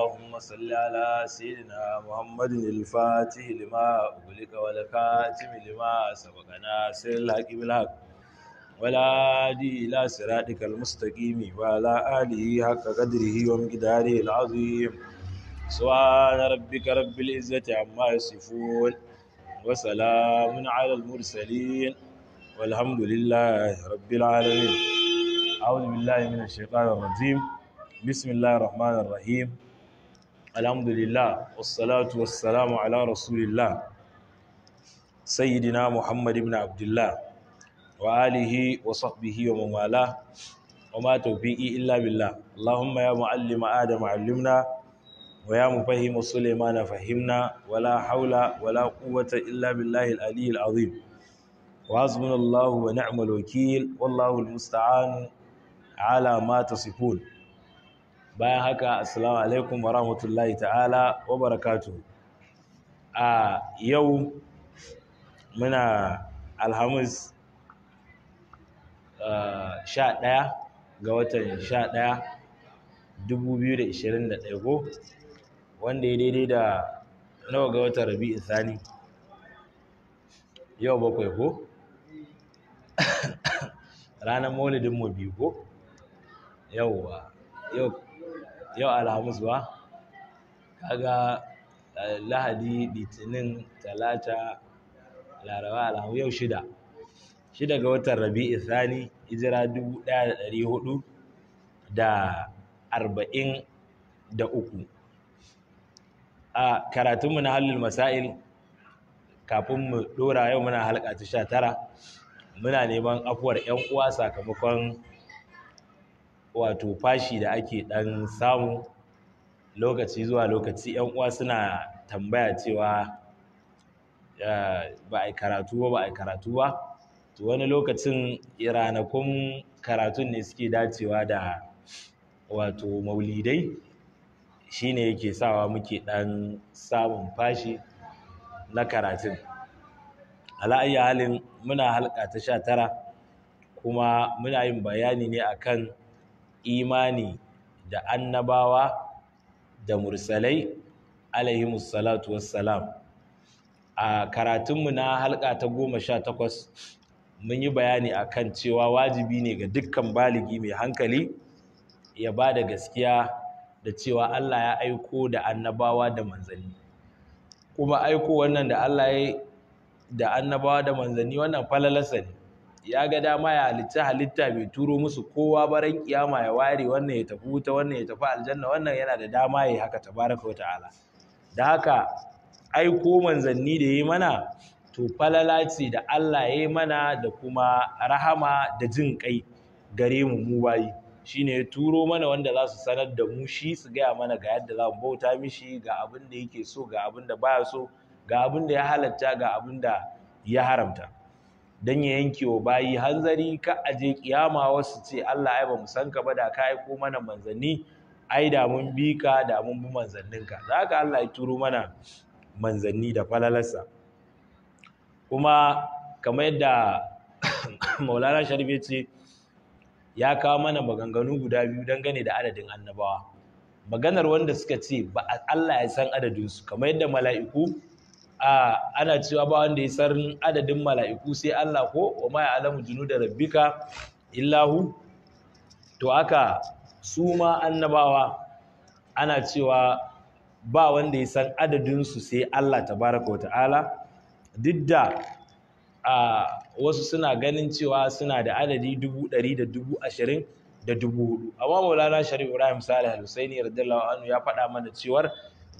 اللهم صل على سيدنا محمد الفاتح لما أغلق والكاتم لما سبق ناصر الحق بالحق ولا دي إلى صراطك المستقيم وعلى آله حق قدره ومقداره العظيم سبحان ربك رب العزة عما يصفون وسلام على المرسلين والحمد لله رب العالمين أعوذ بالله من الشيطان الرجيم بسم الله الرحمن الرحيم alhamdulillah wassalatu wassalamu ala rasulillah sayyidina muhammad ibn abdullah wa alihi wa sahbihi wa mamala wa ma tawfiqi illa billah allahumma ya muallima adama allimna wa ya mufahima sulaimana fahimna wa la wala wa la quwwata illa billahi al-ali al-azim wa hasbunallahu wa ni'mal wakeel wallahu al-musta'an ala ma tasifun bayan haka assalamu alaikum wa rahmatullahi ta'ala wa barakatu a yau muna alhamis sha ɗaya ga watan sha ɗaya dubu biyu da ishirin da ɗaya wanda ya daidai da nawa ga watan rabi'u sani yau bakwai ko ranar maulidinmu biyu ko yau yau alhamis ba kaga eh, lahadi litinin talata laraba alhamu yau shida shida ga watan rabi'i Sani, hijira dubu ɗaya da ɗari hudu da arba'in da uku a karatunmu na halin masail kafin mu ɗora yau muna halka ta sha tara muna neman afuwar 'yan uwa sakamakon wato fashi da ake ɗan samu lokaci zuwa lokaci ‘yan uwa suna tambaya cewa ba a karatu ba ba a karatu ba to wani lokacin ranakun karatun ne suke dacewa da wato maulidai shine yake sawa muke ɗan samun fashi na karatun ala'ayya halin muna halka ta sha tara kuma muna yin bayani ne akan imani da annabawa da mursalai alayhi salatu wassalam a karatunmu na halka ta goma sha takwas mun yi bayani akan cewa wajibi ne ga dukkan baligi mai hankali ya ba da gaskiya da cewa Allah ya aiko da annabawa da manzanni kuma aiko wannan da Allah ya da annabawa da manzanni wannan falalarsa ne ya ga dama ya halitta halitta bai turo musu kowa baran kiyama ya ware wannan ya tafi wuta wannan ya tafi aljanna wannan yana da dama ya haka tabaraka wa ta'ala da haka ai aiko manzanni da yi mana to falala ce da Allah ya yi mana da kuma rahama da jin kai gare mu mu bayi shine ya turo mana wanda za su sanar da mu shi su gaya mana ga yadda za mu bauta mishi ga abin da yake so ga abin da baya so ga abin da ya halatta ga abin da ya haramta don ya yanke wa bayi hanzari ka aje kiyama wasu ce Allah ai ba mu san ka ba da ka aiko mana manzanni ai da mun bi ka da mun bi manzannin ka zaka Allah ya turo mana manzanni da falalarsa kuma kamar yadda maulana sharif ya ce ya kawo mana maganganu guda biyu gane da adadin annabawa maganar wanda suka ce ba Allah ya san adadinsu kamar yadda mala'iku ana cewa ba wanda ya sarin adadin mala'iku sai Allah ko wa ma junu da rabbika illahu to aka su ma annabawa ana cewa ba wanda ya san adadin su sai Allah tabaraka wa ta'ala duk da a wasu suna ganin cewa suna da adadi dubu ɗari da dubu ashirin da dubu hudu amma maulana sharif ibrahim salih al-husaini radiyallahu anhu ya faɗa mana cewar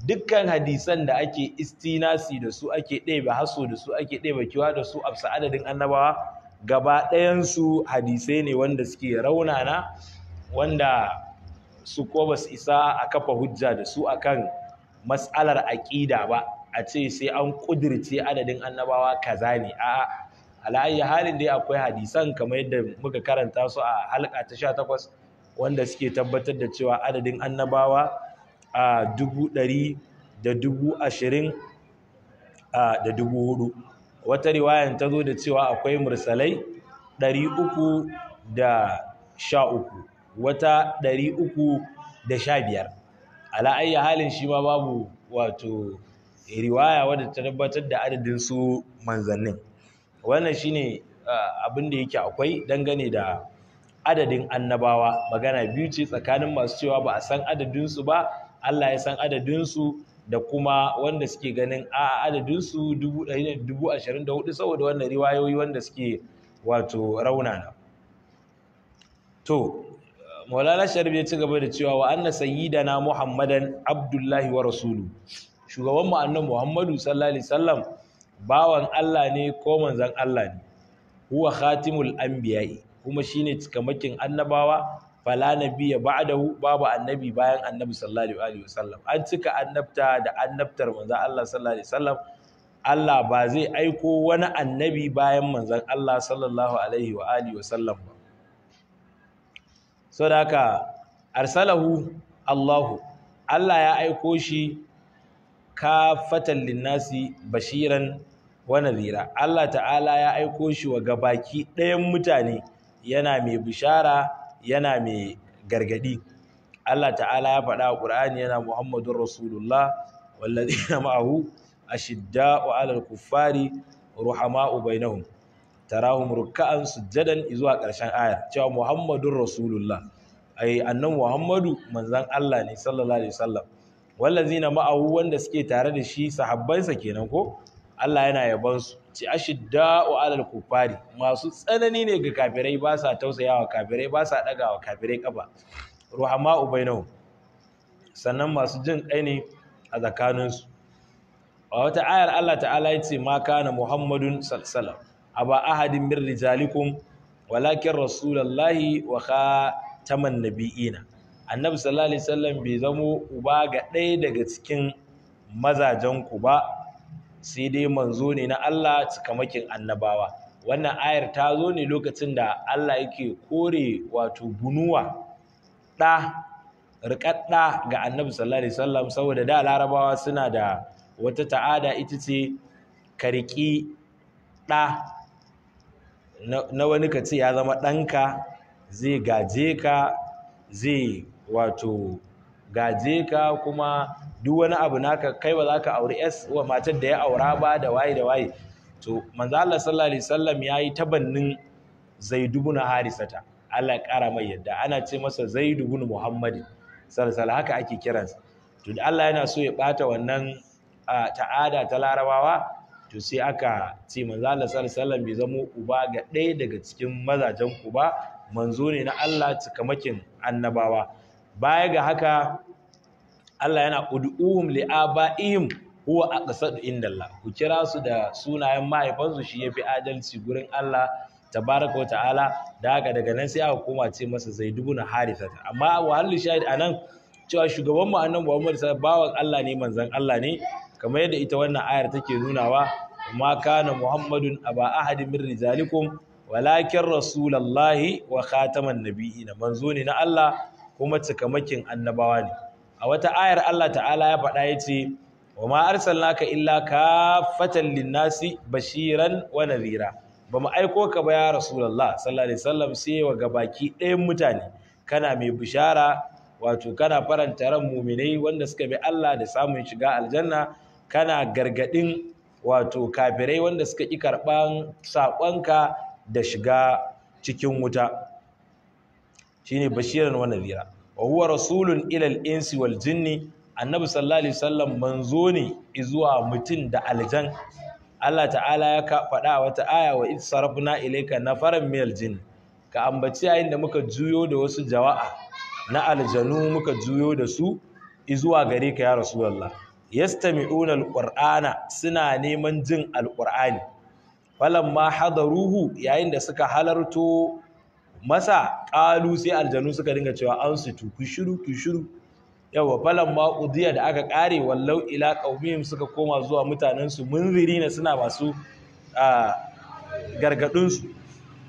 dukkan hadisan da ake istinasi da su ake ɗebe haso da su ake ɗebe kiwa da su afsa adadin annabawa gaba ɗayansu hadisai ne wanda suke raunana wanda su ko ba su isa a kafa hujja da su akan matsalar aƙida ba a ce sai an ƙudirce adadin annabawa kaza ne a halayya halin dai akwai hadisan kamar yadda muka karanta su a halka ta 18 wanda suke tabbatar da cewa adadin annabawa a dubu ɗari da dubu ashirin da dubu hudu wata riwayan ta zo da cewa akwai mursalai ɗari uku da sha uku wata ɗari uku da sha biyar ala'ayya halin shi ma babu wato riwaya wadda ta tabbatar da adadin su manzannin wannan shi ne abin da yake akwai dangane da adadin annabawa magana biyu ce tsakanin masu cewa ba a san adadinsu ba Allah ya san adadinsu da kuma wanda suke ganin a adadinsu dubu ashirin da hudu saboda wannan riwayoyi wanda suke wato raunana to maulana sharif ya ci gaba da cewa wa anna sayyidana muhammadan abdullahi wa rasulu shugabanmu annan muhammadu sallallahu alaihi wasallam bawan Allah ne ko manzon Allah ne huwa khatimul anbiya'i kuma shine cikamakin annabawa fala nabiyya ba'dahu babu annabi bayan annabi sallallahu alaihi wasallam an cika annabta da annabtar manzon Allah sallallahu alaihi wasallam Allah ba zai aiko wani annabi bayan manzon Allah sallallahu alaihi wa alihi wasallam ba saboda haka arsalahu Allahu Allah ya aiko shi kafatan linnasi bashiran wa nadhira Allah ta'ala ya aiko shi wa gabaki ɗayan mutane yana mai bishara yana mai gargadi Allah ta'ala ya faɗa a ƙur'ani yana Muhammadur Rasulullah na ma'ahu ashidda'u 'alal kufari ruhama'u bainahum tarahum ruk'an sujadan zuwa ƙarshen ayar cewa muhammadun Rasulullah ai annan Muhammadu manzon Allah ne sallallahu alaihi wasallam wallazina ma'ahu wanda suke tare da shi sahabbansa kenan ko Allah yana yabon su ce ashidda'u alal kufari masu tsanani ne ga kafirai ba sa tausayawa kafirai ba sa dagawa kafirai kaba ruhama ubainahu sannan masu jin kai ne a tsakaninsu a wata ayar Allah ta'ala ya ce ma kana muhammadun sallallahu aba ahadin min rijalikum walakin rasulullahi wa khataman nabiyina annabi sallallahu alaihi wasallam bai zamo uba ga ɗaya daga cikin mazajen ku ba sai dai manzo ne na Allah cikamakin annabawa wannan ayar ta zo ne lokacin da Allah yake kore wato bunuwa ɗa riƙaɗɗa ga annabi sallallahu alaihi wasallam saboda da larabawa suna da wata ta'ada ita ce ka riƙi ɗa na wani ka ce ya zama ɗanka zai gaje ka zai wato gaje ka kuma duk wani abu naka kai ba za ka auri yas wa matar da ya aura ba da waye da waye to manzo Allah sallallahu alaihi wasallam yayi tabannin Zaid ibn Harisata Allah ya kara mai yadda ana ce masa Zaid ibn Muhammad sallallahu haka ake kiransa to da Allah yana so ya bata wannan ta'ada ta larabawa to sai aka ce manzo Allah sallallahu alaihi wasallam bai zamo uba ga ɗaya daga cikin mazajen ku ba manzo ne na Allah cikamakin annabawa baya ga haka Allah yana ud'uhum li'aba'ihim huwa aqsadu indallah ku kira su da sunayen mahaifansu shi yafi adalci gurin Allah tabaraka ta'ala da haka daga nan sai aka koma ce masa na harithata amma wahallu shahid anan cewa shugaban mu annabi Muhammad bawan Allah ne manzon Allah ne kamar yadda ita wannan ayar take nunawa ma kana Muhammadun aba ahadi min rijalikum walakin rasulullahi wa khataman nabiyina manzo ne na Allah kuma cikamakin annabawa ne a wata ayar Allah ta'ala ya faɗa ya ce wa ma naka illa ka fatan linnasi bashiran wa nadhira ba mu aiko ka ba ya rasulullah sallallahu alaihi wasallam sai wa gabaki ɗayan mutane kana mai bishara wato kana faranta ran muminai wanda suka bi Allah da samun shiga aljanna kana gargadin wato kafirai wanda suka ƙi karɓan saƙonka da shiga cikin wuta shine bashiran wa nadhira wa huwa rasulun ilal insi wal jinni annabi sallallahu alaihi wasallam manzo ne zuwa mutum da aljan Allah ta'ala ya faɗa wata aya wa id ilaika na nafaran min jin. ka ambaci yayin da muka juyo da wasu jawa'a na aljanu muka juyo da su zuwa gare ka ya rasulullah yastami'una qur'ana suna neman jin alqur'ani falamma ruhu yayin da suka halarto masa ƙalu sai aljanu suka dinga cewa an su tuku shiru ki shiru yawa falan ma udiya da aka kare wallau ila qaumihim suka koma zuwa mutanen su munzirina suna masu gargadun su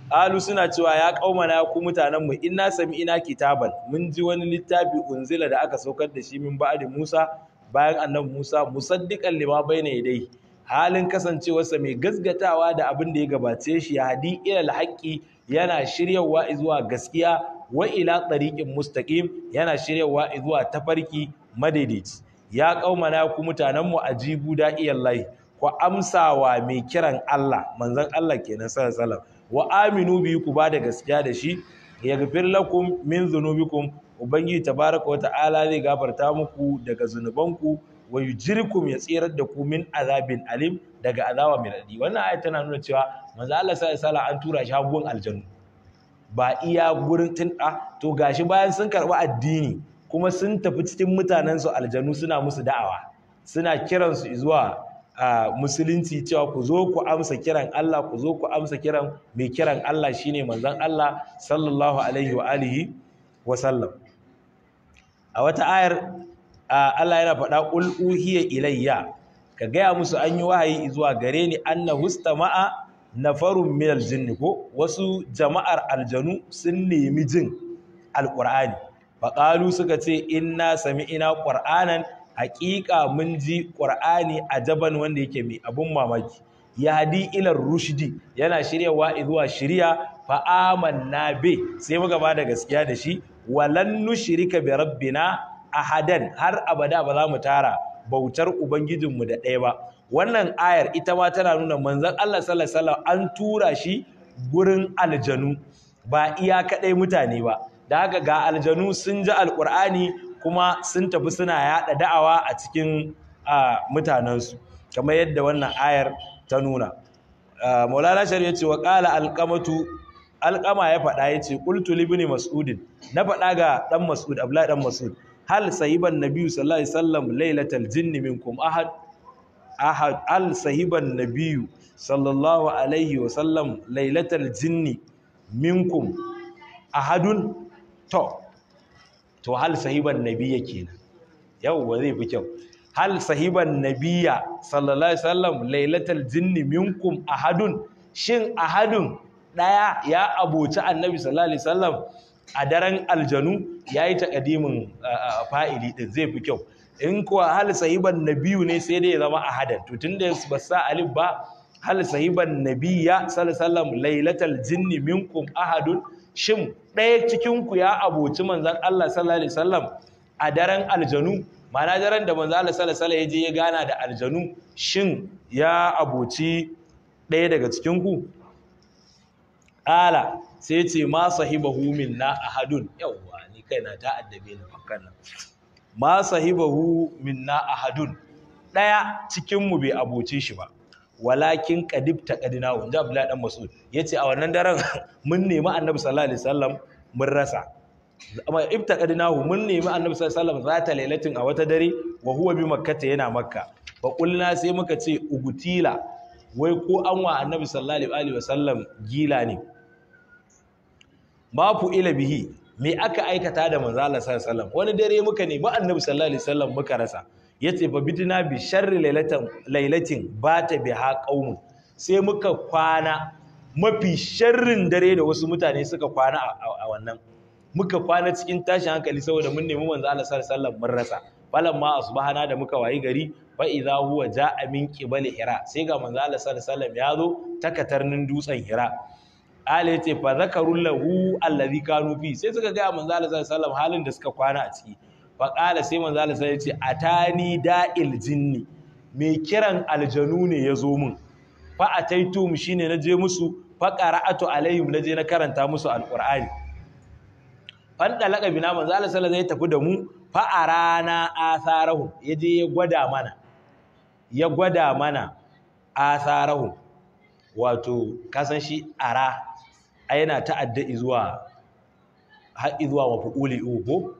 alu suna cewa ya kaumana ku mutanen mu inna sami'ina kitaban mun ji wani littafi unzila da aka saukar da shi min ba'di Musa bayan annabi Musa musaddiqan lima bayna yadayhi halin kasancewarsa mai gasgatawa da abin da ya gabace shi ya hadi ila alhaqi yana shiryawa zuwa gaskiya wa ila tariqin mustaqim yana shiryawa zuwa tafarki madaidaici ya kaumana ku mutanen mu ajibu iyallahi ku amsawa mai kiran Allah manzon Allah kenan sallallahu alaihi wa aminu bi ku ba da gaskiya da shi yaghfir lakum min dhunubikum ubangiji tabaraka wata'ala zai gafarta muku daga zunubanku wa yujirkum ya tsirar da ku min azabin alim daga azaba mai raɗi wannan ayat tana nuna cewa manzo Allah sallallahu alaihi an tura shi hagun aljannu ba iya gurin tinda ah, to gashi bayan sun karɓi addini kuma sun tafi cikin mutanen su aljannu suna musu da'awa suna kiran su zuwa musulunci cewa ku zo ku amsa kiran Allah ku zo ku amsa kiran mai kiran Allah shine manzon Allah sallallahu alaihi wa alihi wa sallam a wata ayar Allah yana faɗa ƙul uhiya ilayya ka gaya musu an yi wahayi zuwa gare ni anna na farun mil aljinni ko wasu jama'ar aljanu sun nemi jin Alƙur'ani. Baƙalu suka ce in na sami ina ƙur'anan? Haƙiƙa mun ji a jaban wanda yake mai abun mamaki hadi ilar rushdi yana shiryawa zuwa shiriya fa'aman na be sai muka ba da gaskiya da shi walannu shirika bi rabbina ahadan har abada ba za mu tara bautar ubangijinmu da ɗaya ba wannan ayar ita ma tana nuna manzan Allah sallallahu an tura shi gurin aljanu ba iya kaɗai mutane ba da haka ga aljanu sun ji alƙur'ani kuma sun tafi suna yaɗa da'awa a cikin mutanensu kamar yadda wannan ayar ta nuna maulana shari ya ce wa ƙala alƙamatu alƙama ya faɗa ya ce ƙultu libini mas'udin na faɗa ga ɗan mas'ud abla ɗan mas'ud hal sahiban nabiyu sallallahu alaihi wasallam lailatal jinni minkum ahad ahad al sahiban nabiyu sallallahu alaihi wasallam lailatal jinni minkum ahadun to to hal sahiban nabiya kenan yawwa zai fi kyau hal sahiban nabiya sallallahu alaihi wasallam lailatal jinni minkum ahadun shin ahadun daya ya aboci annabi sallallahu alaihi wasallam a daren aljanu ya yi takadimin fa'ili ɗin zai fi kyau in kuwa hal sahiban nabiyu ne sai dai ya zama a hadar. to tun da ba sa alif ba hal sahiban nabiya sallallahu lailatal jinni minkum ahadun shin ɗaya cikinku ya aboci manzan Allah sallallahu a daren aljanu Mana daren da manzan Allah sallallahu ya je ya gana da aljanu shin ya aboci ɗaya daga cikinku? ku ala sai ce ma sahibahu na ahadun yauwa ni kaina ta addabe ni bakan nan ma sahibahu na ahadun daya cikin mu bai abuce shi ba walakin qadibta qadina wa inda Abdullahi dan Mas'ud yace a wannan daren mun nemi Annabi sallallahu alaihi wasallam mun rasa amma ibta qadinahu mun nemi Annabi sallallahu alaihi wasallam zata lailatin a wata dare wa huwa bi makkata yana makka fa qulna sai muka ce ugutila wai ko an wa Annabi sallallahu alaihi wasallam gila ne ma ila bihi me aka aikata da manzo Allah sallallahu alaihi wasallam wani dare muka nemi annabi sallallahu alaihi wasallam muka rasa yace fa bitina bi sharri lailatin lailatin bata biha qaumun sai muka kwana mafi sharrin dare da wasu mutane suka kwana a wannan muka kwana cikin tashin hankali saboda mun nemi manzo Allah sallallahu alaihi wasallam mun rasa ma asbahana da muka wayi gari fa idza huwa jaa min qibali hira sai ga manzo Allah sallallahu alaihi wasallam ya zo takatarnin dutsen hira ala ce fa zakaru lahu allazi kanu fi sai suka ga manzo Allah sallallahu alaihi halin da suka kwana a ciki fa qala sai manzo Allah ya ce atani da'il jinni mai kiran aljanu ne ya zo min fa mu shine na je musu fa qara'atu alaihim na je na karanta musu alqur'ani fan dalaka bina manzo Allah sallallahu alaihi tafi da mu fa arana ya je ya gwada mana ya gwada mana asarahu wato kasan shi ara a yana ta'adda zuwa har zuwa mafu'uli uku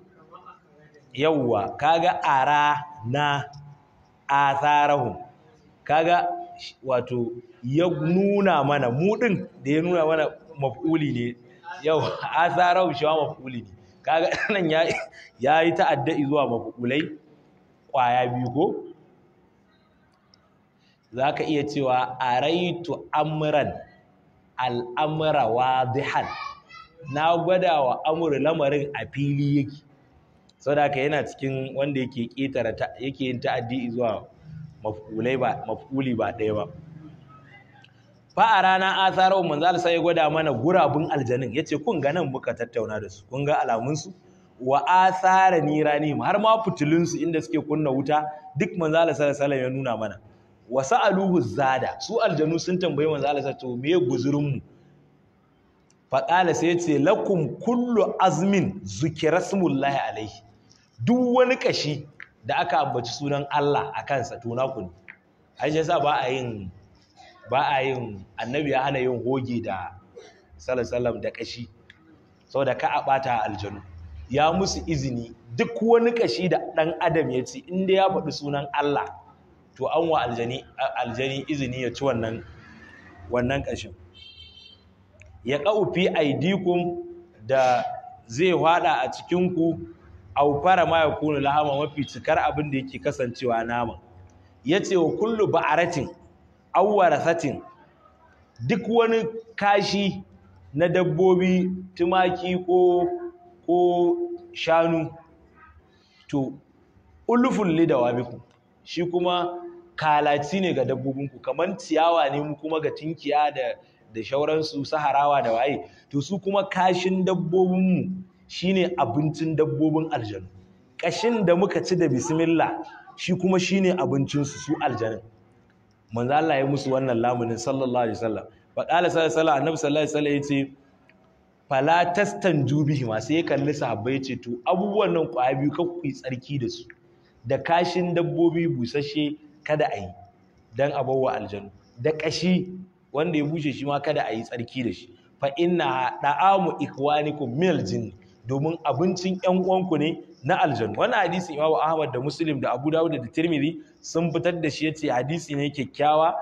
yawwa kaga ara na atharahum kaga wato ya nuna mana mudin da ya nuna mana maf'uli ne yau atharahum shi maf'uli ne kaga nan ya yi ta'adda zuwa maf'ulai kwaya biyu ko ka iya cewa araitu amran al'amura wa dihan na gwada wa amur lamarin a fili yake saboda yana cikin wanda yake ƙetara yake yin ta'addi zuwa maf'uli ba ɗaya ba fa a rana asarar manzal sai ya gwada mana gurabun aljanin yace ce kun ga nan muka tattauna da su kun ga alamunsu wa asara ni rani har ma fitilinsu inda suke kunna wuta duk manzal sai ya nuna mana Wasu aluhu zada su aljanu sun tambayi manzo Allah to me guzurin mu faƙala sai yace, lakum kullu azmin zukira smullahi alaihi duk wani kashi da aka ambaci sunan Allah a kansa to na ne ai sai ba a yin ba a yin annabi ya hana yin hoge da sallallahu da kashi saboda ka a bata aljanu ya musu izini duk wani kashi da dan adam ya ce inda ya faɗi sunan Allah to an wa aljani izini ya ci wannan wannan ƙashin ya ƙaufi aidikun da zai hada a cikinku au fara ma ya kuna lahama mafi cikar abin da yake kasancewa nama ya ce wa kullu ba'aratin satin, duk wani kashi na dabbobi tumaki ko ko shanu to ulufun lidawabiku shi kuma kalaci ne ga dabbobinku kamar ciyawa ne mu kuma ga tinkiya da da shauransu saharawa da waye to su kuma kashin dabbobinmu shine abincin dabbobin aljanu kashin da muka ci da bismillah shi kuma shine abincin su aljanin manzo Allah ya musu wannan lamunin sallallahu alaihi wasallam fa qala sallallahu alaihi wasallam annabi sallallahu alaihi wasallam yace fala tastan jubihi ma sai ya kalli sahabbai yace to abubuwan nan kwa biyu kan ku yi tsarki da su da kashin dabbobi busasshe kada a yi don a aljanu da ƙashi wanda ya bushe shi ma kada a yi tsarki da shi fa ina da'amu ikwaniku mil jin domin abincin ƴan uwanku ne na Aljanu. Wani hadisin, Imam Ahmad da Muslim da Abu Dawud da Tirmidhi sun fitar da shi yace hadisi ne kyakkyawa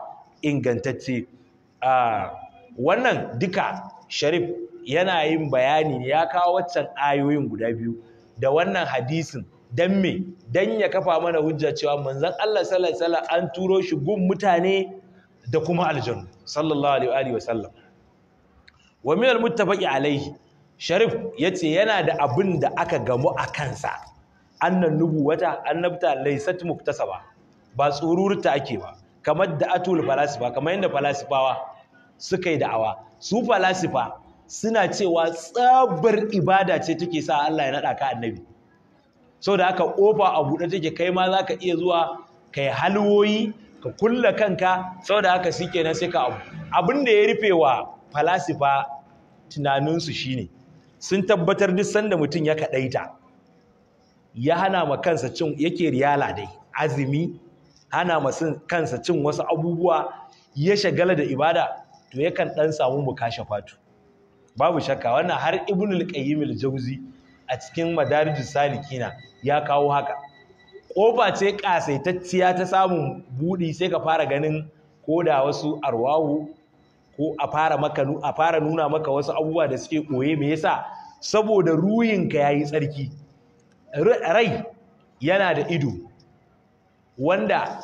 ingantacce a wannan duka Sharif yana yin bayani ya kawo waccan ayoyin guda biyu da wannan hadisin dan me dan ya kafa mana hujja cewa manzon Allah sallallahu alaihi wasallam an turo shi gun mutane da kuma Aljanu. sallallahu alaihi wa sallam wa min almuttafaqi alaihi sharif ya ce yana da abin da aka gamu a kansa annan nubuwata annabta laysat muktasaba ba tsururta ake ba kamar da atul falasifa kamar yadda falasifawa suka yi da'awa su falasifa suna cewa tsabar ibada ce take sa Allah ya naɗa ka annabi so da haka ƙofa a buɗe take kai ma za iya zuwa ka yi halwoyi ka kulla kanka so da haka sike na sai ka abu abin da ya rufe wa falasifa tunaninsu shine sun tabbatar duk sanda mutum ya kaɗaita ya hana ma kansa cin yake riyala dai azumi hana ma kansa cin wasu abubuwa ya shagala da ibada to yakan ɗan samu mu kashe fatu babu shakka wannan har ibnul qayyim al-jauzi a cikin madarijus salikina ya kawo haka ƙofa ce ƙasaitacciya ta samun buɗi sai ka fara ganin ko da wasu arwahu ko a fara maka a fara nuna maka wasu abubuwa da suke koye me yasa saboda ruyinka yayi tsarki rai yana da ido wanda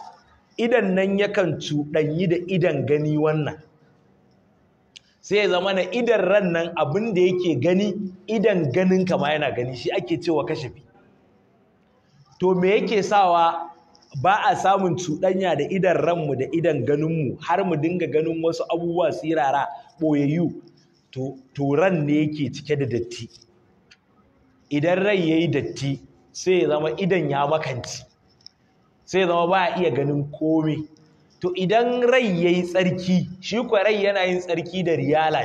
idan nan yakan cuɗanyi da idan gani wannan sai ya zama na idan ran nan abin da yake gani idan ganin kama yana gani shi ake cewa kashafi to me yake sawa ba a samun cuɗanya da idan ranmu da idan ganinmu har mu dinga ganin wasu abubuwa tsirara ɓoyayyu to ran ne yake cike da datti idan ran ya yi datti sai ya zama idan ya makanci sai ya zama ba a iya ganin komai to idan rai yayi tsarki shi kuwa rai yana yin tsarki da riyala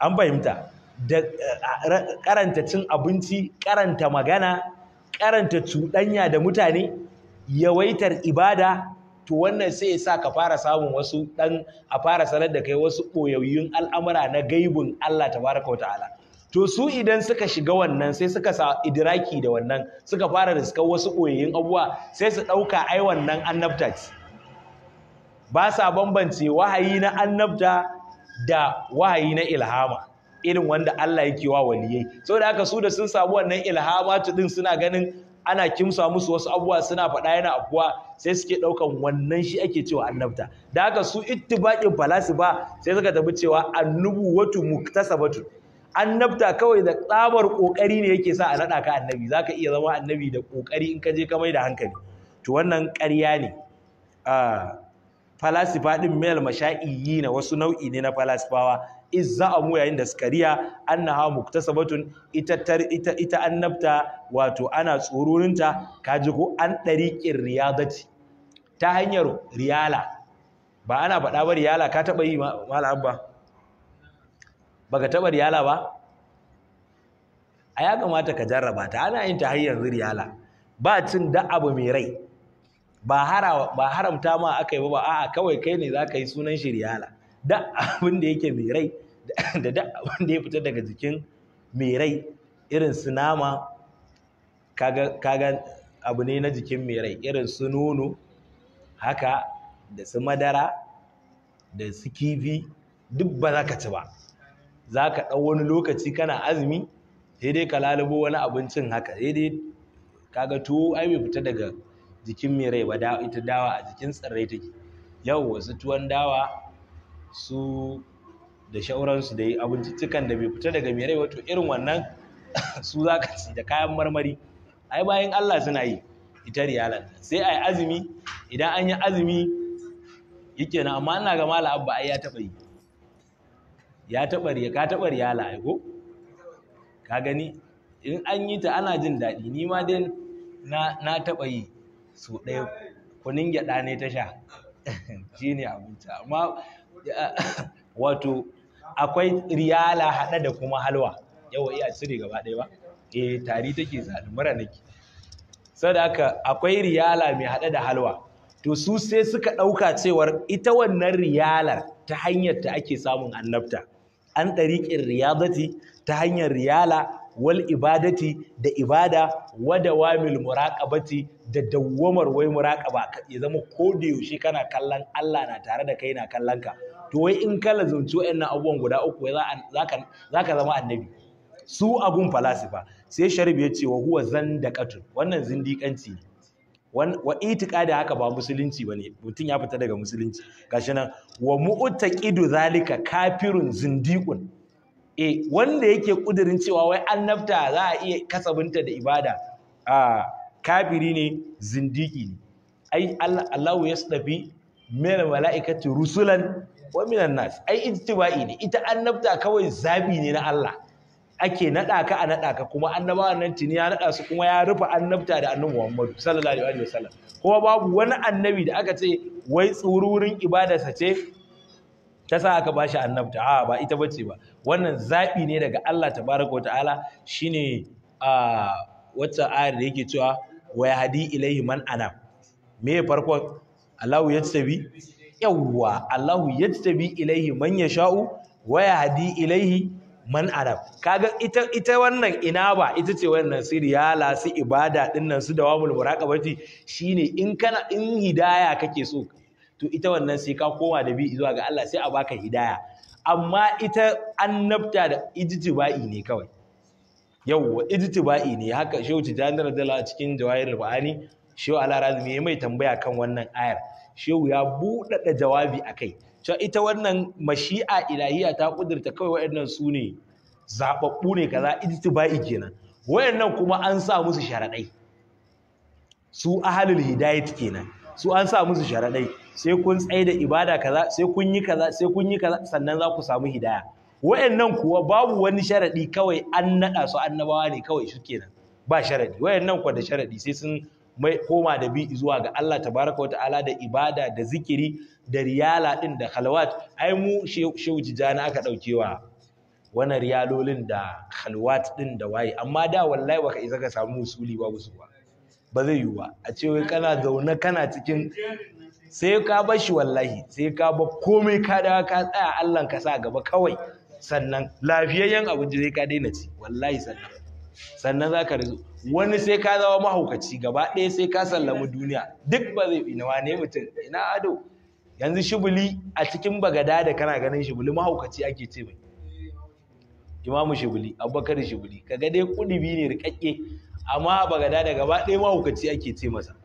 an fahimta da eh, karanta cin abinci karanta magana karanta cuɗanya da mutane yawaitar ibada to wannan sai ya sa ka fara samun wasu dan a fara sanar da kai wasu ɓoyayyun al'amura na gaibun Allah tabaraka wa ta'ala to su idan suka shiga wannan sai suka sa idiraki da wannan suka fara da suka wasu ɓoyayyun abuwa sai su ɗauka ai wannan annabtaci ba sa bambance wahayi na annabta da wahayi na ilhama irin wanda Allah yake wa waliyai saboda haka su da sun samu wannan ilhama ilhamatu din suna ganin ana kimsa musu wasu abubuwa suna faɗa yana abuwa sai suke ɗaukan wannan shi ake cewa annabta da haka su falasi falasifa sai suka tafi cewa annubu watu muktasabatu annabta kawai da tsabar ƙoƙari ne yake sa a naɗa ka annabi zaka iya zama annabi da ƙoƙari in ka je ka mai da hankali to wannan ƙarya ne ah, falasifa ɗin mel yi na wasu nau'i ne na falasifawa a mu yayin da skariya annaha ta Sabatun. ita ita annabta wato ana Ka ji ko an ƙin riyadati ta hanyar riyala ba ana faɗa ba riyala ka taɓa yi ba. Ba ka taɓa riyala ba a ya kamata ka jarraba ta ana yin ta hanyar riyala ba cin da abu mai rai ba haramta ma aka yi ba a kawai kai ne za ka yi sunan shiryala da abin da yake mai rai da da abin da ya fita daga jikin mai rai irin su nama kaga abu ne na jikin mai rai irin su nono haka da su madara da su kifi duk ba za ka ci ba za ka ɗau wani lokaci kana azumi sai dai ka lalubo wani abincin haka sai dai kaga tuwo ai bai fita daga jikin mai rai ba ita dawa a jikin tsirrai take yau wasu tuwon dawa su da shauransu da yi abinciccikan da bai fita daga mai rai wato irin wannan su za ka ci da kayan marmari ai bayan Allah suna yi ita riyalan sai a yi azumi idan an yi azumi yake na amma ina ga mala abba ai ya taɓa yi ya taɓa riya ka taɓa riyala ai ko ka gani in an yi ta ana jin daɗi ni ma dai na taɓa yi su ɗaya kunin gyaɗa ne ta sha shi ne abinci amma wato akwai riyala haɗe da kuma halwa yawa iya cire gaba ɗaya ba eh tari take zaɗi mura nake sau haka akwai riyala mai haɗe da halwa to su sai suka ɗauka cewar ita wannan riyalar ta hanyar ta ake samun annabta an ɗariƙin riyadati ta hanyar riyala wal ibadati da ibada wa dawamil muraqabati da dawwamar wai muraqaba ya zama ko da yaushe kana kallon Allah na tare da kai na kallon ka to wai in kala lazumci wayannan abubuwan guda uku za ka zama annabi su abun falasifa sai sharif ya ce wa huwa zandaqatun wannan zindikanci ne wa da haka ba musulunci bane mutum ya fita daga musulunci gashi nan wa mu'taqidu zalika kafirun zindiqun e wanda yake kudirin cewa wai annabta za a iya kasabinta da ibada a kafiri ne zindiki ne ai Allah ya tsabi mera mala'ikati rusulan wa minan nas ai ijtiba'i ne ita annabta kawai zabi ne na Allah ake nada ka a nada ka kuma annabawan nan tuni ya nada su kuma ya rufe annabta da annabi Muhammad sallallahu alaihi wasallam kuma babu wani annabi da aka ce wai tsururin ibadarsa ce ta sa aka ba shi annabta a ba ita bace ba wannan zaɓi ne daga Allah ta'ala Shi ne a wata ayar da yake cewa wa hadi ilaihi man ana me farkon Allahu tsabi yawwa Allahu tsabi ilaihi man sha'u. wa hadi ilaihi man ana kaga ita ita wannan ina ba ita ce wannan ya lasu ibada dinnan su da wamul muraqabati shine in kana in hidaya kake so to ita wannan sai ka koma da bi zuwa ga Allah sai a baka hidaya amma ita annabta da ijtiba'i ne kawai yawwa ijtiba'i ne haka shehu tijani dala cikin al qurani shehu alarazmi ya mai tambaya kan wannan ayar shehu ya buɗaɗa jawabi akai cewa ita wannan mashi'a ilahiya ta kudurta kawai waɗannan su ne zaɓaɓɓu ne kaza ijtiba'i kenan wayannan kuma an sa musu sharaɗai su ahalul hidayat kenan su an sa musu sharaɗai sai kun tsaye da ibada kaza sai kun yi kaza sai kun yi kaza sannan za ku samu hidaya wayannan kuwa babu wani sharadi kawai an naɗa su annabawa ne kawai shi kenan ba sharadi wayannan kuwa da sharadi sai sun mai koma da bi zuwa ga Allah tabaraka wata'ala da ibada da zikiri da riyala din da khalwat ai mu shehu jijana aka daukewa wannan riyalolin da khalwat din da waye amma da wallahi baka isa ka samu usuli babu su ba ba zai yiwu ba a ce wai kana zaune kana cikin sai ka bar shi wallahi sai ka bar komai ka dawo ka tsaya Allah ka sa gaba kawai sannan lafiyayyen da zai ka daina ci wallahi sannan sannan za ka rizo wani sai ka zama mahaukaci gaba ɗaya sai ka sallamu duniya duk ba zai ina wane mutum ina ado yanzu shibuli a cikin bagada da kana ganin shibuli mahaukaci ake ce mai imamu shibuli abubakar shibuli kaga dai biyu ne rikakke amma bagada da gaba ɗaya mahaukaci ake ce masa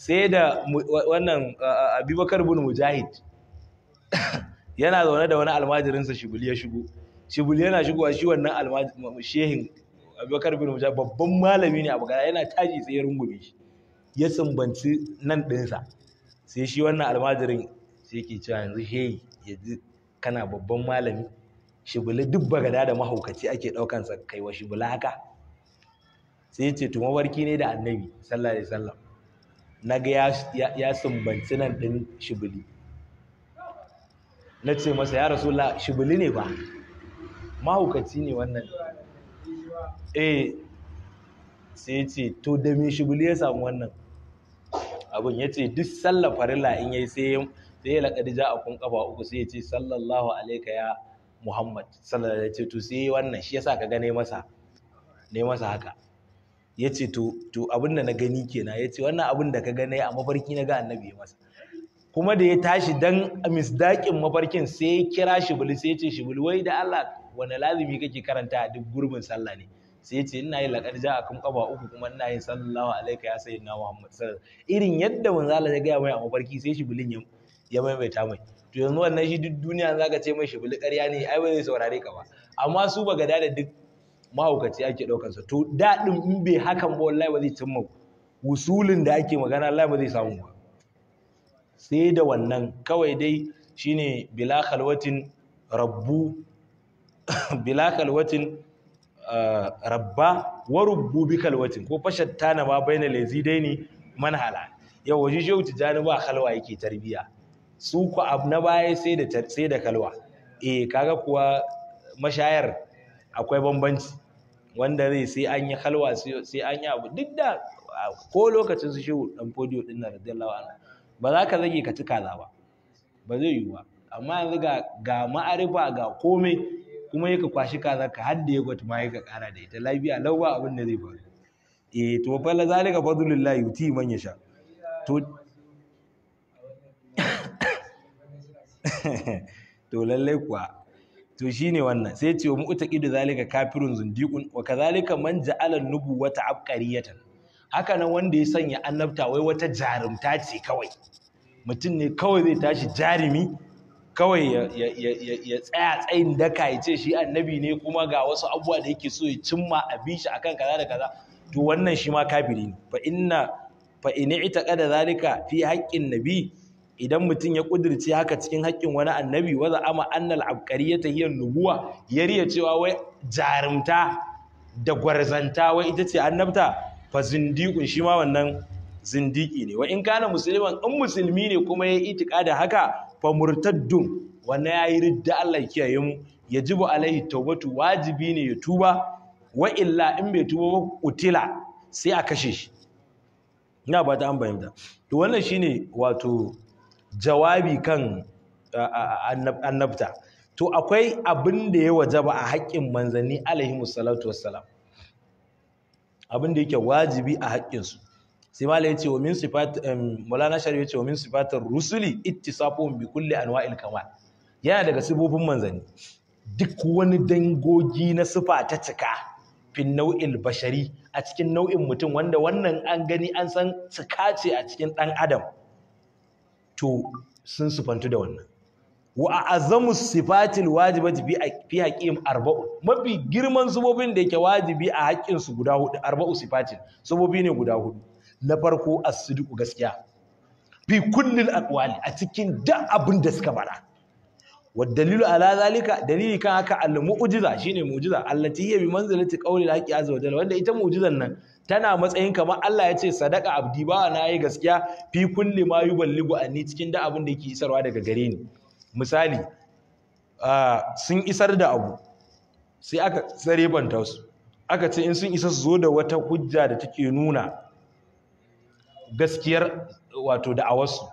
sai da wannan abubakar bin mujahid yana zaune da wani almajirinsa shibuli ya shigo shibuli yana a shi wannan shehin abubakar bin mujahid babban malami ne abu gara yana taji sai ya rungume shi ya sumbanci nan ɗinsa sai shi wannan almajirin sai ke cewa yanzu ya yanzu kana babban malami shibuli duk bagada da mahaukaci ake ɗaukansa kaiwa shibula haka sai ce tumawarki ne da annabi sallallahu alaihi wasallam na ga ya sumbanci nan ɗin shibili na ce masa ya rasu la shibili ne ba mahaukaci ne wannan eh sai ya ce to da mai shibili ya samu wannan abin ya ce duk sallar farila in yayi sai sai ya laƙadi ja a kun kafa uku sai ya ce sallallahu alaika ya muhammad sallallahu ya ce to sai wannan shi ya sa ka ga ne masa haka ya ce to abin da na gani kenan ya ce wannan abin da ka gane a mafarki na ga annabi ya masa kuma da ya tashi dan misdaƙin mafarkin sai ya kira shibuli sai ya ce shibuli wai da Allah wani lazimi kake karanta a duk gurbin sallah ne sai ya ce ina yin laƙar ja a kan ƙafa uku kuma ina yin sallallahu alaika ya sayi na Muhammad sallallahu irin yadda manzo Allah ya gaya mai a mafarki sai shibulin ya maimaita mai to yanzu wannan shi duk duniya za ka ce mai shibuli ƙarya ne ai ba zai saurare ka ba amma su ba gada da duk mahaukaci ake ɗaukansa to daɗin in bai hakan ba wallahi ba zai cimma wusulin da ake magana wallahi ba zai samu ba sai da wannan kawai dai shine bila khalwatin rabbu bila kalwatin ah, rabba wa rubbu bi kalwatin ko fashatta na ma baina lazidaini manhala yau waje shehu tijani ba kalwa yake tarbiya su ku abu na baya sai da sai da kalwa eh kaga kuwa mashayar akwai bambanci wanda zai sai an yi halwa sai an yi abu duk da ko lokacin su shehu dan fodiyo din na radiyallahu anhu ba za ka zage ka ci kaza ba ba zai yiwu ba amma yanzu ga ga ma'arifa ga komai kuma yake kwashi kaza ka hadda ya yagwat ma yake kara da ita lafiya lau ba abin da zai faru eh to fa la zalika fadlullah yuti man yasha to to lallai kuwa to shi ne wannan sai ce mu'uta idu zalika kafirun zindiqun wa zalika man ja'ala nubuwata abqariyatan haka nan wanda ya sanya annabta wai wata jarumta ce kawai mutum ne kawai zai tashi jarumi kawai ya tsaya tsayin daka ya ce shi annabi ne kuma ga wasu abubuwa da yake so ya cimma a bi shi akan kaza da kaza to wannan shi ma kafiri ne fa inna fa in zalika fi haqqin nabi idan mutum ya kudirce haka cikin haƙƙin wani annabi wadda ama annal ya tahiyar nubuwa riya cewa wai jarumta da gwarzanta wai ita ce annabta fa zindiƙun shi ma wannan zindiki ne wa in kana musulman in musulmi ne kuma ya itika da haka fa murtaddun wannan yi ridda Allah kiyaye mu yajibu alaihi tawbatu wajibi ne ya tuba wa illa in bai tuba ba kutila sai a kashe shi ina ba ta an bayyana to wannan shine wato jawabi kan annabta to akwai abin da ya wajaba a haƙƙin manzanni alaihi salatu wassalam abin da yake wajibi a su sai mala ya ce wa min sifat mulana shari ce wa min sifatar rusuli ittisafuhum bi kulli anwa'il kamal yana daga sifofin manzanni duk wani dangogi na sifa ta cika fin nau'il bashari a cikin nau'in mutum wanda wannan an gani an san cika ce a cikin ɗan adam to sun sufantu da wannan wa azamu sifatil wajibati bi fi haqim arba'u mafi girman subobin da yake wajibi a haƙƙin su guda hudu arba'u sifatin subobi ne guda hudu na farko as-sidqu gaskiya fi kullil aqwali a cikin da abin da suka faɗa wa dalilu ala zalika dalili kan haka al mu'jiza shine mu'jiza allati hiya bi manzilati qawli al haqi azza wa jalla wanda ita mu'jizan nan tana matsayin kamar Allah ya ce sadaka abdi ba na yi gaskiya fi kulli ma yuballigu anni cikin da abin da yake isarwa daga gare ni misali sun isar da abu sai aka tsare banta su aka ce in sun isa su zo da wata hujja da take nuna gaskiyar wato da'awarsu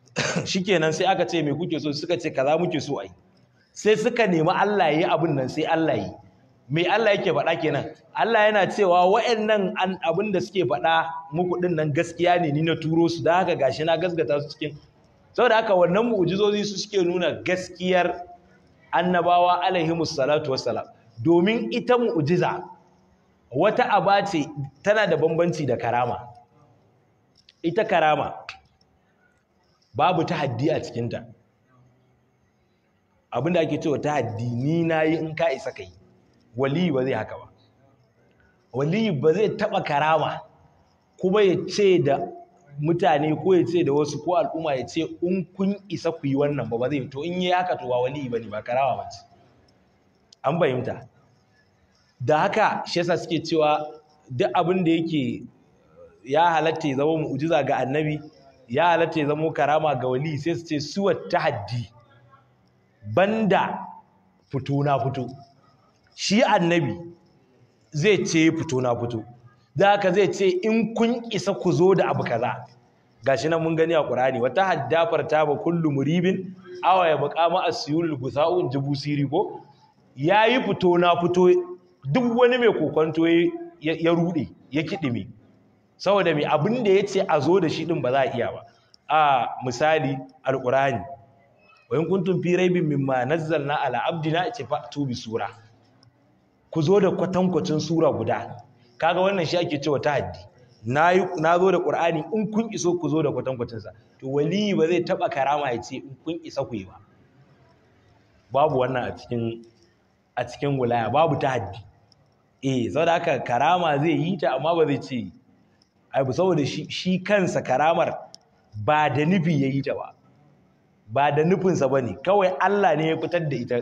shikenan sai aka ce me kuke so suka ce kaza muke so ai sai suka nemi Allah yi abin nan sai Allah yi me Allah yake faɗa kenan Allah yana cewa waɗannan abin da suke faɗa muku din nan gaskiya ne ni na turo su da haka gashi na gaskata su cikin saboda haka wannan mu'jizozi su suke nuna gaskiyar annabawa alaihi salatu wassalam domin ita mu'jiza wata aba ce tana da bambanci da karama ita karama babu haddi a cikinta abinda ake cewa haddi ni nayi in ka isa kai waliyi ba zai haka ba waliyi ba zai taɓa karama kuma ya ce da mutane ko ya ce da wasu ko al'umma ya ce in kun isa ku yi wannan ba ba zai to in yi haka to ba ba ne ba karama ba ce an fahimta da haka shi yasa suke cewa duk abin da yake ya halatta ya zama mu'jiza ga annabi ya halatta ya zama karama ga wali sai su ce suwar tahaddi banda fito na fito shi annabi zai ce fito na fito da haka zai ce in kun isa ku zo da abu kaza shi nan mun gani a Qur'ani wata haddafar ta ba kullu muribin awa ya maqama asyulul gusau in jibu siri ko yayi fito na fito duk wani mai kokonto ya rude ya kidime saboda mai abin da yace a zo da shi din ba za a iya ba a misali alqur'ani wa in kuntum fi raibin mimma nazzalna ala abdina ce fa bi sura ku zo da kwatankwacin sura guda kaga wannan shi ake cewa tahaddi na zo da ƙur'ani in kun iso ku zo da kwatankwacin to wali ba zai taba karama ya ce in kun isa ku yi ba babu wannan a cikin a cikin wilaya babu tahaddi eh saboda haka karama zai yi ta amma ba zai ce ai saboda shi kansa karamar ba da nufi ya yi ta ba ba da nufinsa ba ne kawai Allah ne ya fitar da ita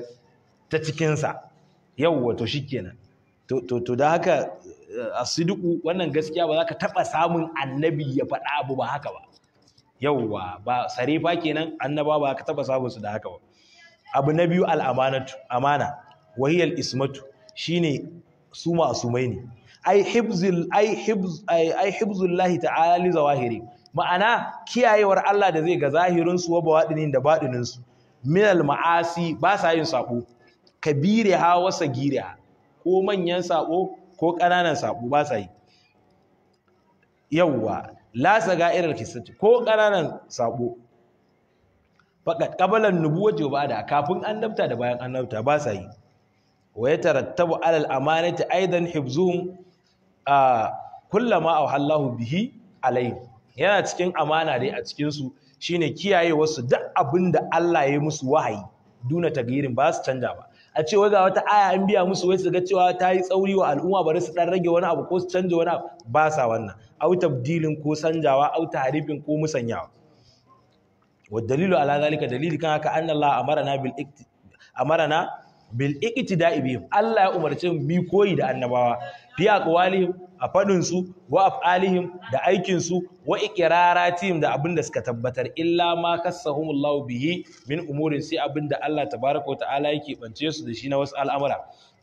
ta cikinsa yawwa to shikenan to to da haka eh, sidiku wannan gaskiya ba za ka taɓa samun annabi ya faɗa abu ba haka ba yawwa ba sarifa kenan annaba ba ka taɓa samun su da haka ba abu na biyu al'amanatu amana wahiyal ismatu shine su mai ne ai hibzul ai hibz ai hibzullahi ta'ala zawahiri ma'ana kiyayewar Allah da zai ga zahirinsu su wa bawadinin da baɗininsu su minal ma'asi ba sa yin saƙo. kabire ha wasa ha ko manyan sabo ko ƙananan sabo ba sa yi yawwa lasa ga'irar kisati ko ƙananan sabo fakat ƙabalan nubuwa ba da kafin an annabta da bayan an annabta ba sa yi wa ya tarattabu alal amanati aidan a kullama hallahu bihi alai. yana cikin amana dai a cikin su shine kiyaye wasu duk abin da Allah ya musu wahayi duna tagirin ba su canja ba a ce wai ga wata aya an biya musu wai su ga cewa ta yi tsauri wa al'umma bari su dan rage wani abu ko su canja wani abu ba sa wannan au tabdilin ko sanjawa au harifin ko musanyawa wa dalilu ala zalika dalili kan haka anna Allah amarana bil amarana bil iktida Allah ya umarce mu koyi da annabawa fi aqwalihim a fadin su wa af'alihim da aikin su wa iqraratihim da abinda suka tabbatar illa ma kassahumullahu bihi min umurin sai abinda Allah tabaaraka wa ta'ala yake bance su da shi na wasu al'amura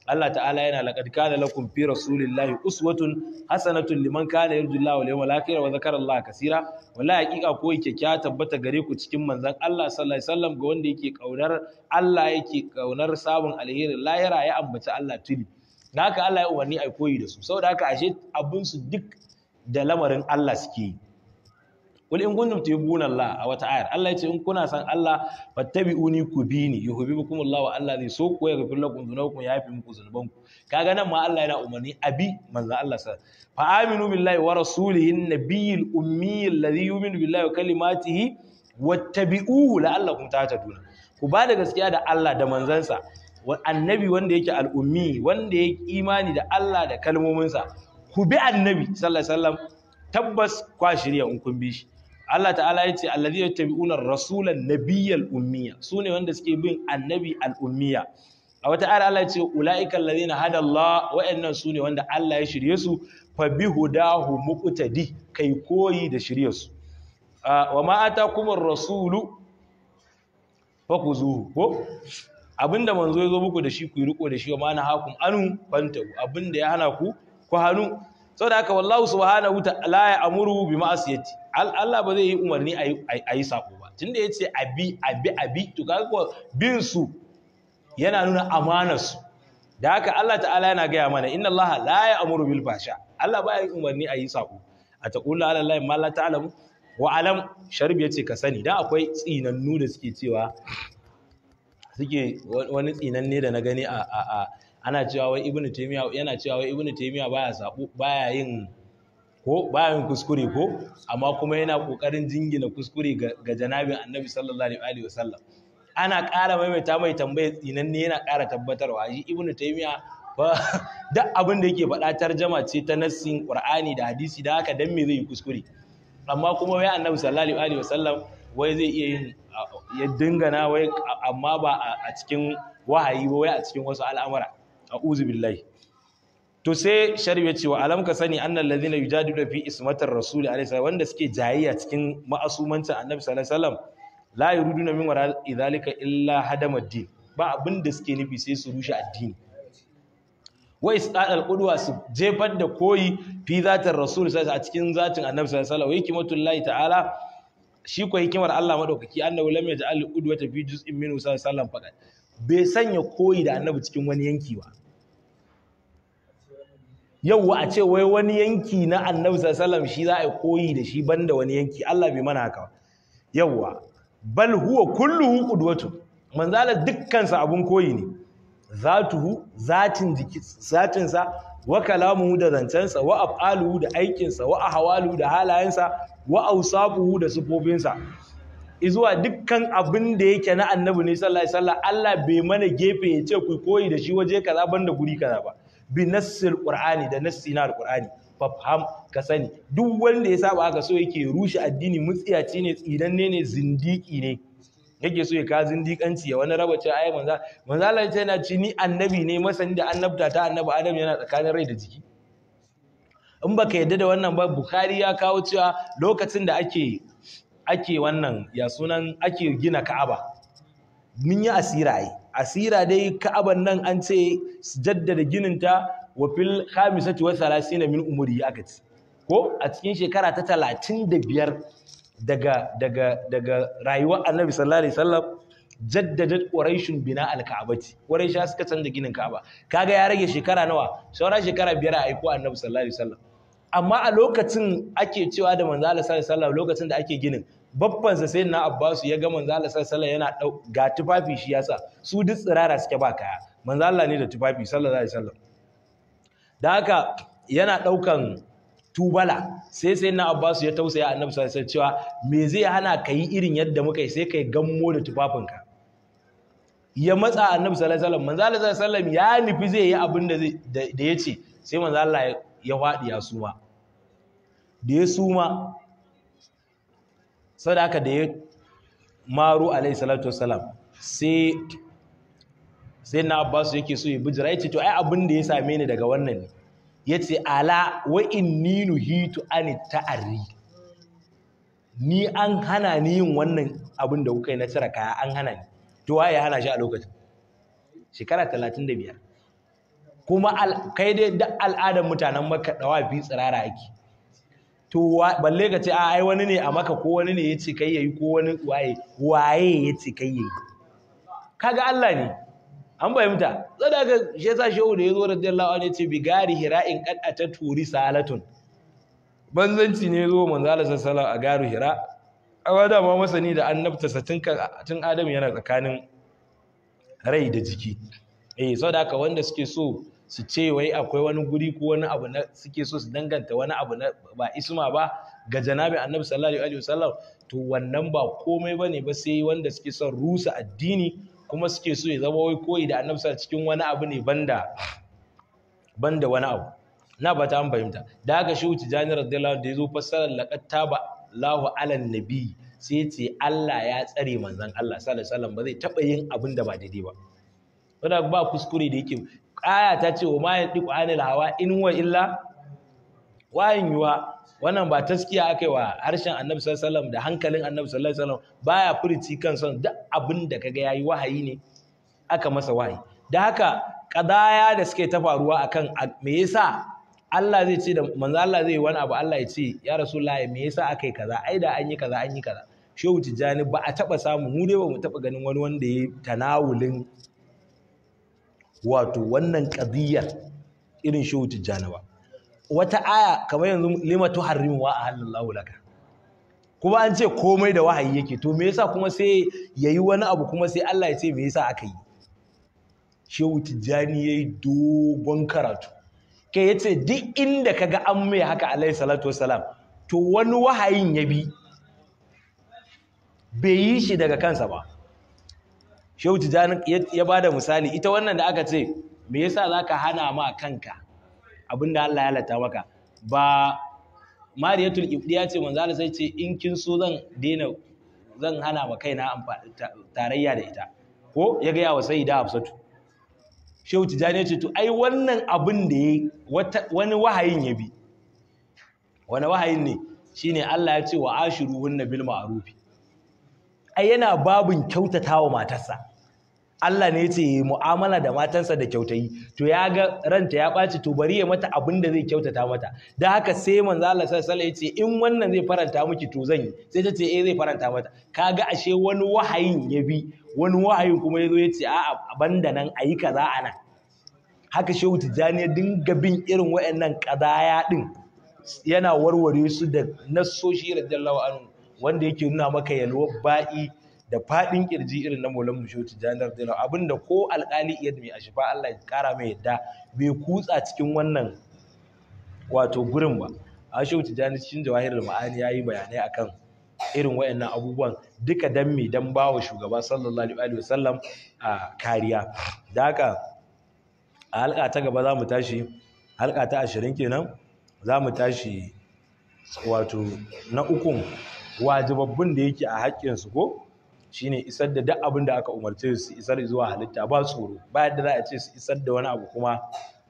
Allah ta'ala yana laqad kana lakum fi rasulillahi uswatun hasanatun liman kana Allah wal yawmal akhir wa zakara Allah kaseera wallahi hakika ko yake kya tabbata gare ku cikin manzon Allah sallallahu alaihi wasallam ga wanda yake kaunar Allah yake kaunar sabon alheri lahira ya ambaci Allah tuli da haka Allah ya umarni a koyi da su saboda haka ashe abinsu duk da lamarin Allah suke yi in kuntum tuhibbuna Allah a wata ayar Allah ce in kuna san Allah fattabi'uni ku bi yuhibbukum Allah wa Allah zai so ku ya gafir lakum dhunubakum ya yafi muku zunubanku kaga nan ma Allah yana umarni abi manzo Allah sa fa aminu billahi wa rasulihi nabiyil ummi alladhi yu'minu billahi wa kalimatihi wattabi'u la'allakum tahtaduna ku ba da gaskiya da Allah da manzansa annabi wanda yake al'ummi wanda ya imani da Allah da kalmominsa ku bi annabi sallallahu alaihi wasallam tabbas kwa shirya in kun bi shi Allah ta'ala ya ce alladhi yattabi'una rasulan nabiyyal ummiya sune wanda suke bin annabi al'ummiya a wata ayar Allah ya ce ulaika hada Allah wa'annan sune wanda Allah ya shirye su fa bi hudahu muqtadi kai koyi da shirye su ah, wa ma kuma rasulu fakuzuhu ko abinda manzo ya zo muku da shi ku yi riko da shi wa mana hakum anu fantahu abinda ya hana ku ku hanu saboda haka wallahu subhanahu ta'ala ya amuru bi ma'asiyati Allah ba zai yi umarni a yi sako ba tunda yace abi abi abi to kaga bin su yana nuna amanar su da haka Allah ta'ala yana gaya mana inna Allah la ya amuru bil fasha Allah ba ya umarni ayi sako a taqulu ala Allah ma la ta'lamu wa alam sharbi yace ka sani dan akwai tsinannu da suke cewa suke wani tsinanne da na gani a a ana cewa wai ibnu taymiya yana cewa wai ibnu taymiya baya sabo baya yin ko baya yin kuskure ko amma kuma yana kokarin jingina kuskure ga janabin annabi sallallahu alaihi wasallam ana ƙara maimaita mai tsinan tsinanne yana ƙara tabbatarwa shi ibnu taymiya ba duk abin da yake faɗa tarjama ce ta nassin qur'ani da hadisi da haka dan me zai yi kuskure amma kuma wai annabi sallallahu alaihi wasallam wai zai iya yin ya dingana wai amma ba a cikin wahayi ba wai a cikin wasu al'amura uzu billahi to sai sharif ya ce wa alam ka sani annal ladina yujadilu fi ismatar rasuli salam wanda suke a cikin ma'asumancin annabi sallallahu alaihi wasallam la yuriduna min wara idhalika illa hadamaddin ba abin da suke nufi sai su rushe addini Wai wa isqadal qudwa su jefar da koyi fi zatar rasul a cikin zatin annabi sallallahu alaihi wasallam wa hikmatullahi ta'ala shi ko hikimar Allah madaukaki annabi lam yaj'al udwata fi juz'in minhu sallallahu faqat bai sanya koyi da annabi cikin wani yanki ba yau a ce wai wani yanki na annabi sallallahu shi za a koyi da shi banda wani yanki Allah bai mana haka yawwa bal huwa kulluhu qudwatu manzala dukkan sa abun koyi ne zatuhu zatin jiki zatin sa wa kalamuhu da zancensa wa af'aluhu da aikinsa wa ahwaluhu da halayensa wa awsafuhu da sifofinsa izuwa dukkan abin da yake na annabi ne sallallahu alaihi wasallam Allah bai mana gefe ya ce ku koyi da shi waje kaza banda guri kaza ba bi nassil qur'ani da nassi na alqur'ani fafham ka sani duk wanda ya saba haka so yake rushe addini mutsiyaci ne tsidanne ne zindiki ne yake so ya ka zindiƙanci ya wani raba cewa manza manza Allah ya yana ci ni annabi ne masani da annabta ta annabi Adam yana tsakanin rai da jiki in baka yadda da wannan ba Bukhari ya kawo cewa lokacin da ake ake wannan ya sunan ake gina Ka'aba mun yi asira ai asira dai Ka'aban nan an ce su jaddada gininta wa fil khamisati wa 30 min umri aka ci ko a cikin shekara ta 35 daga daga daga rayuwar annabi sallallahu alaihi wasallam jaddadat quraishun bina alka'abati quraisha suka canza ginin ka'aba kaga ya rage shekara nawa saura shekara biyar a aiko annabi sallallahu alaihi wasallam amma a lokacin ake cewa da manzo Allah sallallahu alaihi wasallam lokacin da ake ginin babban sa na Abbas ya ga manzo Allah sallallahu alaihi wasallam yana ga tufafi shi yasa su duk tsirara suke ba kaya manzo Allah ne da tufafi sallallahu alaihi wasallam da haka yana daukan tubala sai sai na Abbas ya tausaya annabi sallallahu sai cewa me zai hana ka yi irin yadda muka yi sai kai gammo da tufafinka ya matsa annabi sallallahu alaihi wasallam manzo Allah sallallahu alaihi wasallam ya nufi zai yi abin da da yace sai manzo Allah ya fadi ya suma da ya suma sadaka da ya maru alaihi salatu wasallam sai sai na Abbas yake so ya bijira yace to ai abin da ya same ni daga wannan ne Ya ce, ala wa in ninu nuhitu ani ta'arri ni an hana ni yin wannan abin da kuka yi na cire kaya an hana ni to waye hana shi a lokacin shekara 35 kuma kai dai da al'adar mutanen Makka dawa fi tsirara yake to balle ka ce a ai wani ne a maka ko wani ne yace kai yayi ko wani waye waye yace kai yayi kaga Allah ne an fahimta sadaka shi yasa shehu da yazo radiyallahu anhu bi gari hira'in ta turi salatun banzanci ne zo manzo Allah sallallahu a gari hira awa da ma masani da annabta satin tun adam yana tsakanin rai da jiki eh sadaka wanda suke so su ce wai akwai wani guri ko wani abu na suke so su danganta wani abu na ba isma ba ga janabi annabi sallallahu alaihi wasallam to wannan ba komai bane ba sai wanda suke son rusa addini kuma suke so ya zama wai koyi da annabsa cikin wani abu ne banda banda wani abu na ba ta an fahimta da haka shi wuce da radiyallahu da ya zo fassarar laqad Allahu lahu alan nabi sai ya ce Allah ya tsare manzon Allah sallallahu alaihi wasallam ba zai taba yin abin da ba daidai ba wanda ba kuskure da yake aya ta ce wa ma yadi anil hawa in wa illa wayin yuwa wannan ba taskiya aka wa harshen annabi sallallahu da hankalin annabi sallallahu alaihi wasallam baya furici kan son duk abin da kaga yayi wahayi ne aka masa wahayi da haka kadaya da suke ta faruwa akan me yasa Allah zai ce da manzo Allah zai yi wani abu Allah ya ce ya rasulullahi me yasa aka yi kaza ai da an yi kaza an yi kaza shehu tijjani ba a taba samu mu dai ba mu taba ganin wani wanda ya tanawulin wato wannan kadiyar irin shehu tijjani ba wata aya kamar yanzu lima tuharrimu wa ahallallahu laulaka kuma an ce komai da wahayi yake to me yasa kuma sai ya yi wani abu kuma sai Allah ya ce me yasa aka yi Shehu Tijjani yayi dogon karatu kai yace duk inda kaga an mai haka alaihi salatu wasalam to wani wahayin ya bi bai yi shi daga kansa ba Shehu Tijjani ya ba da misali ita wannan da aka ce me yasa za ka hana ma kanka abin Allah ya lata maka ba mariyatul ya ce manzo Allah sai ce in kin so zan daina zan hana ma kaina tarayya da ita ko ya ga yawa sayyida Hafsatu Shehu Tijani ce to ai wannan abin da yayi wani wahayin ya bi wani wahayin ne shine Allah ya ce wa hunna bil ma'ruf ai yana babin kyautatawa matarsa Allah ne ce yi mu'amala da matansa da kyautayi to ya ga ranta ya ɓaci to bari ya mata abin da zai kyautata mata da haka sai manzo Allah sallallahu alaihi wasallam ya ce in wannan zai faranta miki to zan yi sai ta ce eh zai faranta mata kaga ashe wani wahayin ya bi wani wahayin kuma ya zo ya ce a'a banda nan ayi kaza anan haka shehu tijjani ya dinga bin irin wayannan kadaya din yana warware su da nassoshi radiyallahu anhu wanda yake nuna maka yalwa ba'i da faɗin kirji irin na Maulan Mushoti Janar Dela abinda ko alƙali Iyad mai ashifa Allah ya ƙara mai yadda bai kutsa cikin wannan wato gurin ba A Tijjani cikin Jawahir Ma'ani ya yi bayanai akan irin wayannan abubuwan duka dan me dan bawa shugaba sallallahu alaihi wa sallam a kariya da haka a halka ta gaba za mu tashi halka ta ashirin kenan za mu tashi wato na ukun wajibabbin da yake a haƙƙinsu ko shine isar da duk abin da aka umarce su isar zuwa halitta ba tsoro ba yadda za a ce su isar da wani abu kuma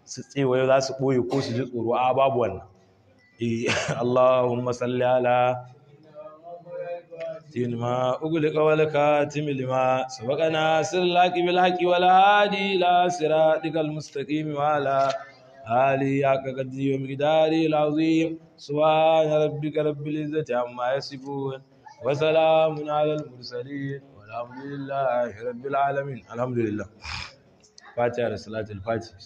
su tsewaye za su ɓoye ko su ji tsoro a babu wannan eh, Allahumma salli ala tin ma ugul qawlaka timil ma sabaqana sirlaqi bil haqi wal hadi la siratikal mustaqim wa la ali ya kadji wa migdari al azim subhana rabbika rabbil izzati amma yasifun وسلام على المرسلين والحمد لله رب العالمين الحمد لله فاتحة صلاة الفاتحة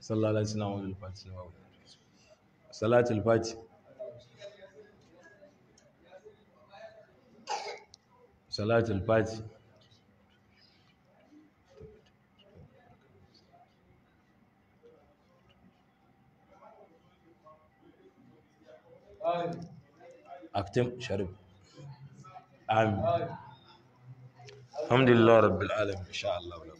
صلى الله عليه وسلم الفاتحة صلاة الفاتحة صلاة الفاتحة أكتم شرب آمين الحمد لله رب العالمين إن شاء الله